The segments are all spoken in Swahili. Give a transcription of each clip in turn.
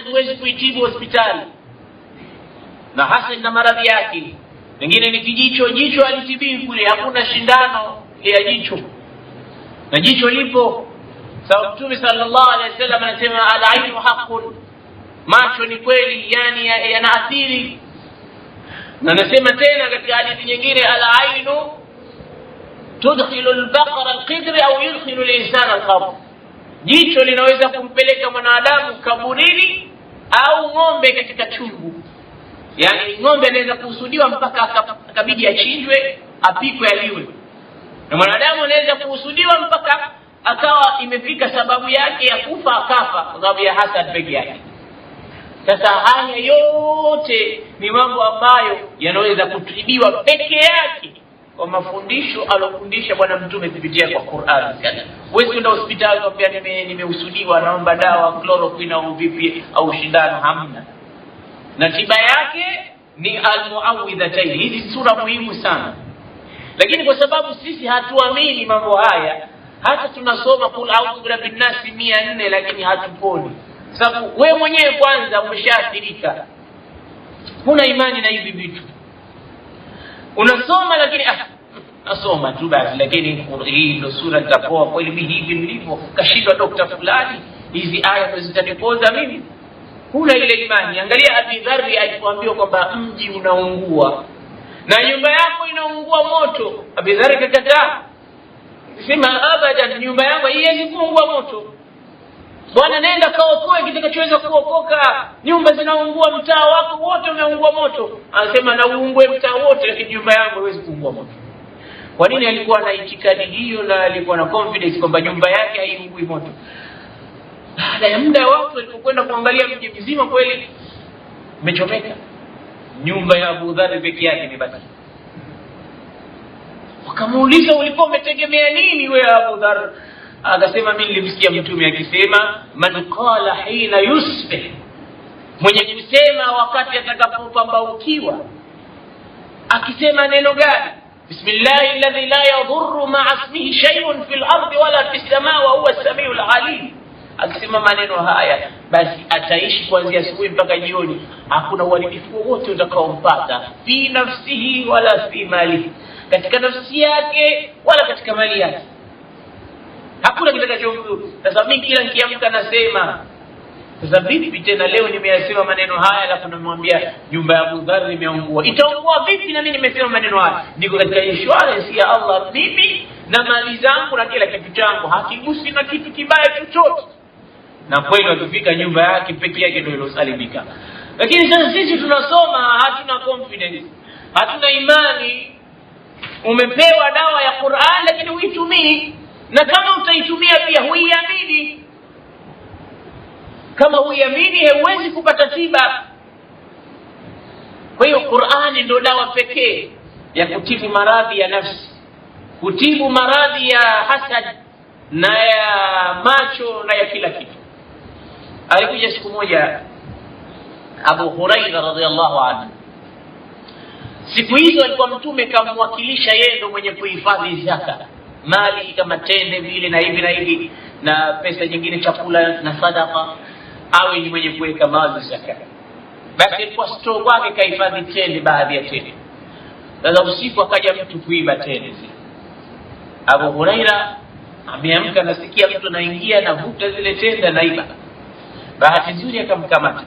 hatuwezi kuitibu hospitali, na hasa ina maradhi yake. Pengine ni kijicho, jicho alitibii kule, hakuna shindano ya jicho na jicho lipo sababu. Mtume sallallahu alaihi wasallam anasema alainu haqun, macho ni kweli, yani yanaathiri ya na nasema tena katika hadithi nyingine, alainu tudkhilu albaqara alqidri au yudkhilu linsana alqabr Jicho linaweza kumpeleka mwanadamu kaburini au ng'ombe katika chungu. yani ng'ombe anaweza kuhusudiwa mpaka akabidi achinjwe, apikwe, aliwe, na mwanadamu anaweza kuhusudiwa mpaka akawa imefika sababu yake ya kufa, akafa kwa sababu ya hasad peke yake. Sasa haya yote ni mambo ambayo yanaweza kutibiwa peke yake wa mafundisho alofundisha Bwana Mtume kupitia kwa Qur'an. Huwezi kwenda hospitali nime nimeusudiwa, naomba dawa chloroquine au vipi au shindano, hamna. Na tiba yake ni almuawidhataini. Hizi sura muhimu sana, lakini kwa sababu sisi hatuamini mambo haya, hata tunasoma kul a'udhu birabbin nasi mia lakini hatuponi, sababu we mwenyewe kwanza umeshaathirika, huna imani na hivi vitu unasoma, lakini ah nasoma tu basi, lakini hii ndio sura nitapoa kweli mimi, hivi mlivyo kashindwa dokta fulani, hizi aya zitanipoza mimi, Kuna ile imani. Angalia Abi Dharri alipoambiwa kwamba mji unaungua na nyumba yako inaungua moto, Abi Dharri akakataa, sema abadan, nyumba yangu haiwezi kuungua moto. Bwana, nenda kaokoe kitakachoweza kuokoka. Nyumba zinaungua, mtaa wako wote umeungua moto. Anasema na uungue mtaa wote, lakini nyumba yangu haiwezi kuungua moto. Kwa nini alikuwa na itikadi hiyo na alikuwa na confidence kwamba nyumba yake haiungui moto? Baada ya muda watu walipokwenda kuangalia mji mzima, kweli umechomeka, nyumba ya Abu dhabi peke yake imebaki. Wakamuuliza, ulikuwa umetegemea nini we Abu Dhar? Akasema, mimi nilimsikia Mtume akisema man qala hina yusbih, mwenye kusema wakati atakapopambaukiwa, akisema neno gani بسم الله الذي لا يضر مع اسمه شيء في الأرض ولا في السماء وهو السميع العليم akisema maneno haya basi ataishi kuanzia asubuhi mpaka jioni hakuna uharibifu wowote utakaompata fi nafsihi wala fi malihi katika nafsi yake wala katika mali yake hakuna kitakacho sasa mimi kila nikiamka nasema Sasa vipi tena leo nimeyasema maneno haya alafu namwambia nyumba ya Abu imeungua, itaungua vipi? Na mimi nimesema maneno haya, niko katika insurance ya Allah, mimi na mali zangu na kila kitu changu hakigusi na kitu kibaya chochote. Na kweli wakifika nyumba yake pekee yake ndio ilosalimika. Lakini sasa sisi tunasoma, hatuna confidence, hatuna imani. Umepewa dawa ya Qur'an, lakini huitumii, na kama utaitumia pia huiamini kama huiamini hauwezi kupata tiba. Kwa hiyo Qur'ani ndio dawa pekee ya kutibu maradhi ya nafsi, kutibu maradhi ya hasad na ya macho na ya kila kitu. Alikuja siku moja Abu Huraira radhiallahu anhu. Siku hizo alikuwa Mtume kamwakilisha yeye ndo mwenye kuhifadhi zaka mali kama tende vile na hivi na hivi na pesa nyingine, chakula na sadaka awe ni mwenye kuweka mali zaka. Basi kwa stoo kwake kahifadhi tende, baadhi ya tende. Sasa usiku akaja mtu kuiba tende zile. Abu Huraira ameamka, anasikia mtu anaingia, navuta zile tende, anaiba. Bahati nzuri akamkamata,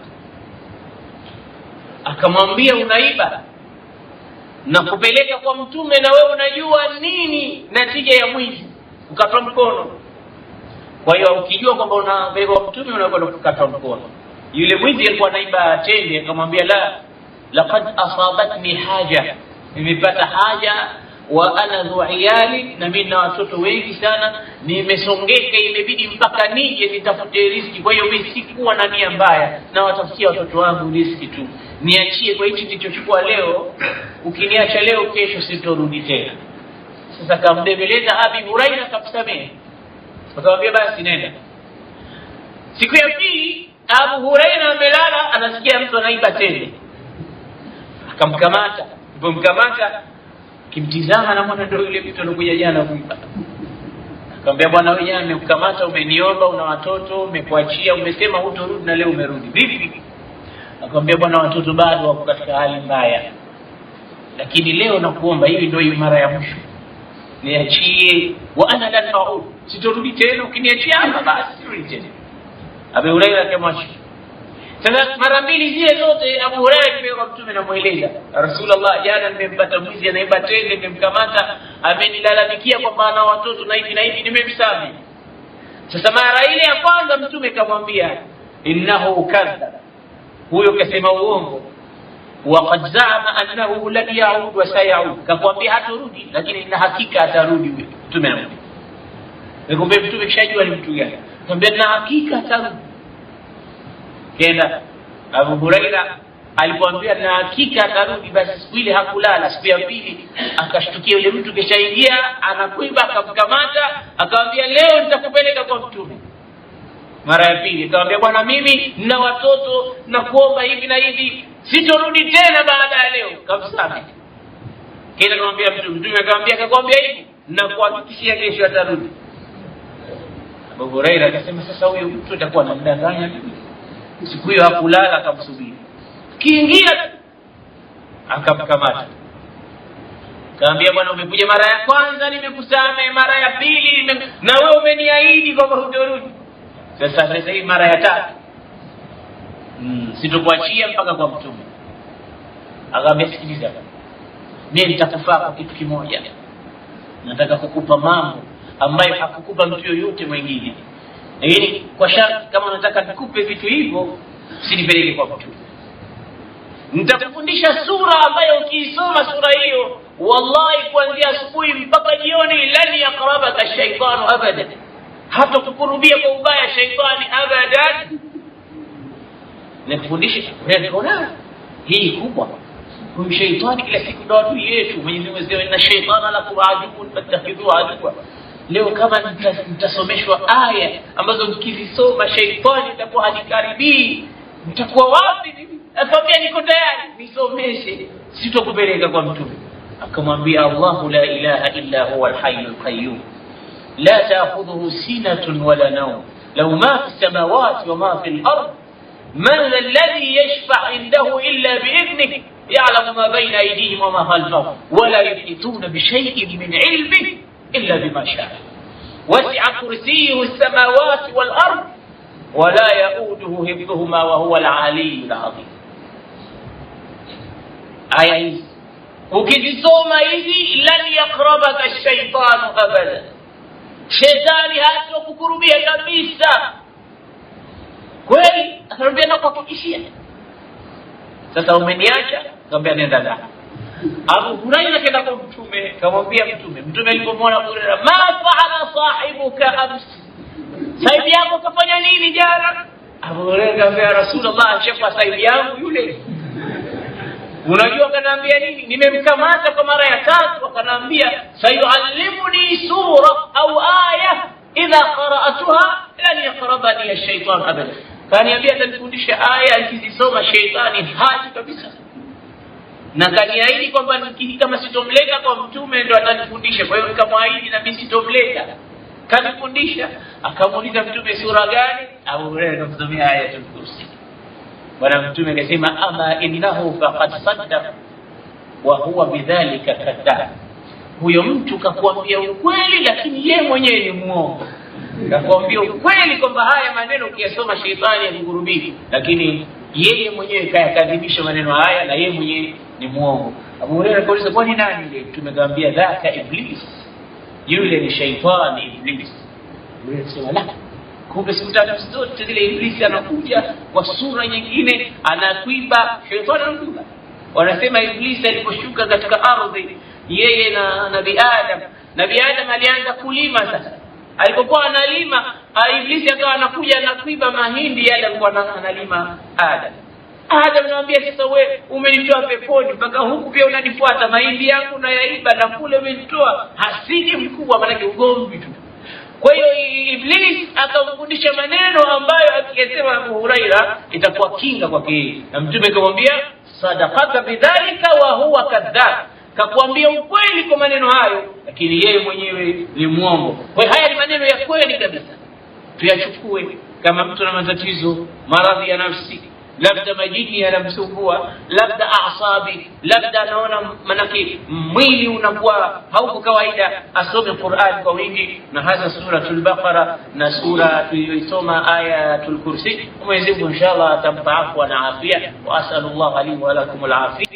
akamwambia unaiba na kupeleka kwa Mtume, na wewe unajua nini natija ya mwizi? Ukatwa mkono kwa hiyo ukijua kwamba unabeba mtume unakwenda kukata mkono. Yule mwizi alikuwa naiba tende, akamwambia la laqad asabatni haja, nimepata haja wa ana dhu iyali, na mimi na watoto wengi sana, nimesongeka, imebidi mpaka nije nitafute riski. Kwa hiyo mimi sikuwa na nia mbaya, na watafutia watoto wangu riski tu, niachie kwa hichi kilichochukua leo. Ukiniacha leo, kesho sitorudi tena. Sasa kamdebeleza Abi Huraira, kamsamehe Wakamwambia basi nenda. Siku ya pili Abu Huraira amelala, anasikia mtu anaiba tende, akamkamata. Alipomkamata kimtizama, anamwona ndio yule mtu alikuja jana kuiba Akamwambia, bwana wewe, jana nimekukamata, umeniomba, una watoto, umekuachia, umesema hutorudi na leo umerudi, vipi? Akamwambia, bwana, watoto bado wako katika hali mbaya, lakini leo nakuomba, hivi ndio mara ya mwisho, niachie wa ana lan maud sitorudi tena, ukiniachia hapa basi sirudi tena. Abu Huraira akamwacha. Sasa mara mbili zile zote Abu Huraira kimewa Mtume namweleza Rasulullah, jana nimempata mwizi anaiba tende, nimemkamata, amenilalamikia kwamba ana watoto na hivi na hivi, nimemsamehe. Sasa mara ile ya kwanza Mtume kamwambia innahu kadhab, huyo kasema uongo waqad zaama annahu lan yaud wa sayaud, kakwambia hatarudi, lakini ina hakika atarudi. Mtume anamwambia Nikwambia mtume kishajua ni mtu gani, kwambia na hakika tangu kenda. Abu Huraira alipoambia na hakika atarudi, basi siku ile hakulala. Siku ya pili akashtukia yule mtu kishaingia anakwiba, akamkamata akawambia leo nitakupeleka kwa mtume. Mara ya pili akawambia bwana, mimi na watoto na kuomba hivi na hivi, sitorudi tena baada ya leo. Kamsame kila akamwambia mtume. Mtume akawambia akakwambia hivi, nakuhakikishia kesho atarudi. Abu Huraira akasema, sasa huyu mtu atakuwa gani mimi. Siku hiyo hakulala, akamsubiri, kiingia akamkamata, kaambia, bwana, umekuja mara ya kwanza nimekusame, mara ya pili na wewe umeniahidi kwamba hutorudi. Sasa sasa hii mara ya tatu, mm, sitokuachia mpaka kwa Mtume. Akaambia, sikiliza, mimi nitakufaa kwa kitu kimoja, nataka kukupa mambo ambaye hakukupa mtu yoyote mwingine. Lakini kwa sharti, kama unataka nikupe vitu hivyo, sinipeleke kwa mtu. Nitakufundisha sura ambayo ukiisoma sura hiyo, wallahi, kuanzia asubuhi mpaka jioni, lan yaqrabaka shaitanu abada hata kukurubia kwa ubaya shaitani abadan. Nakufundisha unaona hii kubwa huyu shaitani kila siku ndo adui yetu. Mwenyezi Mungu asema, inna shaitana lakum aduun fattakhidhuhu aduwa Leo kama mtasomeshwa aya ambazo mkizisoma sheitani itakuwa halikaribii, mtakuwa wapi? Akamwambia niko tayari, nisomeshe, sitokupeleka kwa mtume. Akamwambia Allahu la ilaha illa huwa alhayyul qayyum la ta'khudhuhu sinatun wala nawm law ma fi samawati wa ma fi al man dha alladhi yashfa'u indahu illa bi'idhnihi ya'lamu ma bayna aydihim wa ma khalfahum wa la yuhituna bi shay'in إلا بما شاء وسع كرسيه السماوات والأرض ولا يؤوده حفظهما وهو العلي العظيم آية وكذي صوم إذي لن يقربك الشيطان أبدا شيطان هاته كربية كميسة kweli anarudia na kwa kukishia sasa umeniacha kambia nenda dhahabu أبو هريرة كده kwa mtume kamwambia mtume mtume alipomwona Abu Huraira ma faala sahibuka amsi saibi yako kafanya nini jana Abu Huraira akamwambia Rasulullah shefa saibi yangu yule unajua kanaambia nini nimemkamata kwa mara ya tatu akanaambia sayuallimuni sura au aya idha qara'atuha lan yaqrabani ash-shaytan abada kaniambia atanifundisha aya akizisoma shaytani hati kabisa na kaniahidi kwamba kama sitomleta kwa mtume ndo atanifundisha. Kwa hiyo nikamwahidi nami sitomleta, kanifundisha. Akamuuliza mtume sura gani? Abu Hurairah aya ya Kursi. Bwana mtume akasema, ama innahu faqad saddaqa wa huwa bidhalika kadhab, huyo mtu kakuambia ukweli, lakini ye mwenyewe ni muongo. Kakuambia ukweli kwamba haya maneno ukiyasoma sheitani yakugurubili, lakini yeye mwenyewe kayakadhibisha maneno haya na yeye mwenyewe ni mwovu. Abu Huraira akauliza kwa kwani nani yule? Mtume dhaka Iblis, yule ni shaitani Iblis. Akasema la, kumbe siku tatu zote zile iblisi anakuja kwa sura nyingine, anakwiba shaitani anakwiba. Wanasema iblisi aliposhuka katika ardhi, yeye na Nabii Adam, Nabii Adam alianza kulima sasa alipokuwa analima Iblisi akawa anakuja anakwiba mahindi yale alikuwa analima Adam. Adam anamwambia sasa, we umenitoa peponi mpaka huku pia unanifuata, mahindi yangu nayaiba na kule umenitoa. Hasidi mkubwa, maanake ugomvi tu. Kwa hiyo Iblis akamfundisha maneno ambayo akiyasema Abu Huraira itakuwa kinga kwake yeye, na Mtume akamwambia sadaqaka bidhalika wa huwa kadhab, kakuambia ukweli kwa maneno hayo, lakini yeye mwenyewe ni mwongo. Kwa haya ni maneno ya kweli kabisa, tuyachukue. Kama mtu ana matatizo maradhi ya nafsi لبدا مجيني انا مسوفوا لبدا اعصابي لبدا نونا منكي ميلي ونبوا هاو كوايدا اسوم القران كويدي ما سوره البقره نسوره يسوم ايه الكرسي وما ان شاء الله تنفع عفوا وعافيه واسال الله لي ولكم العافيه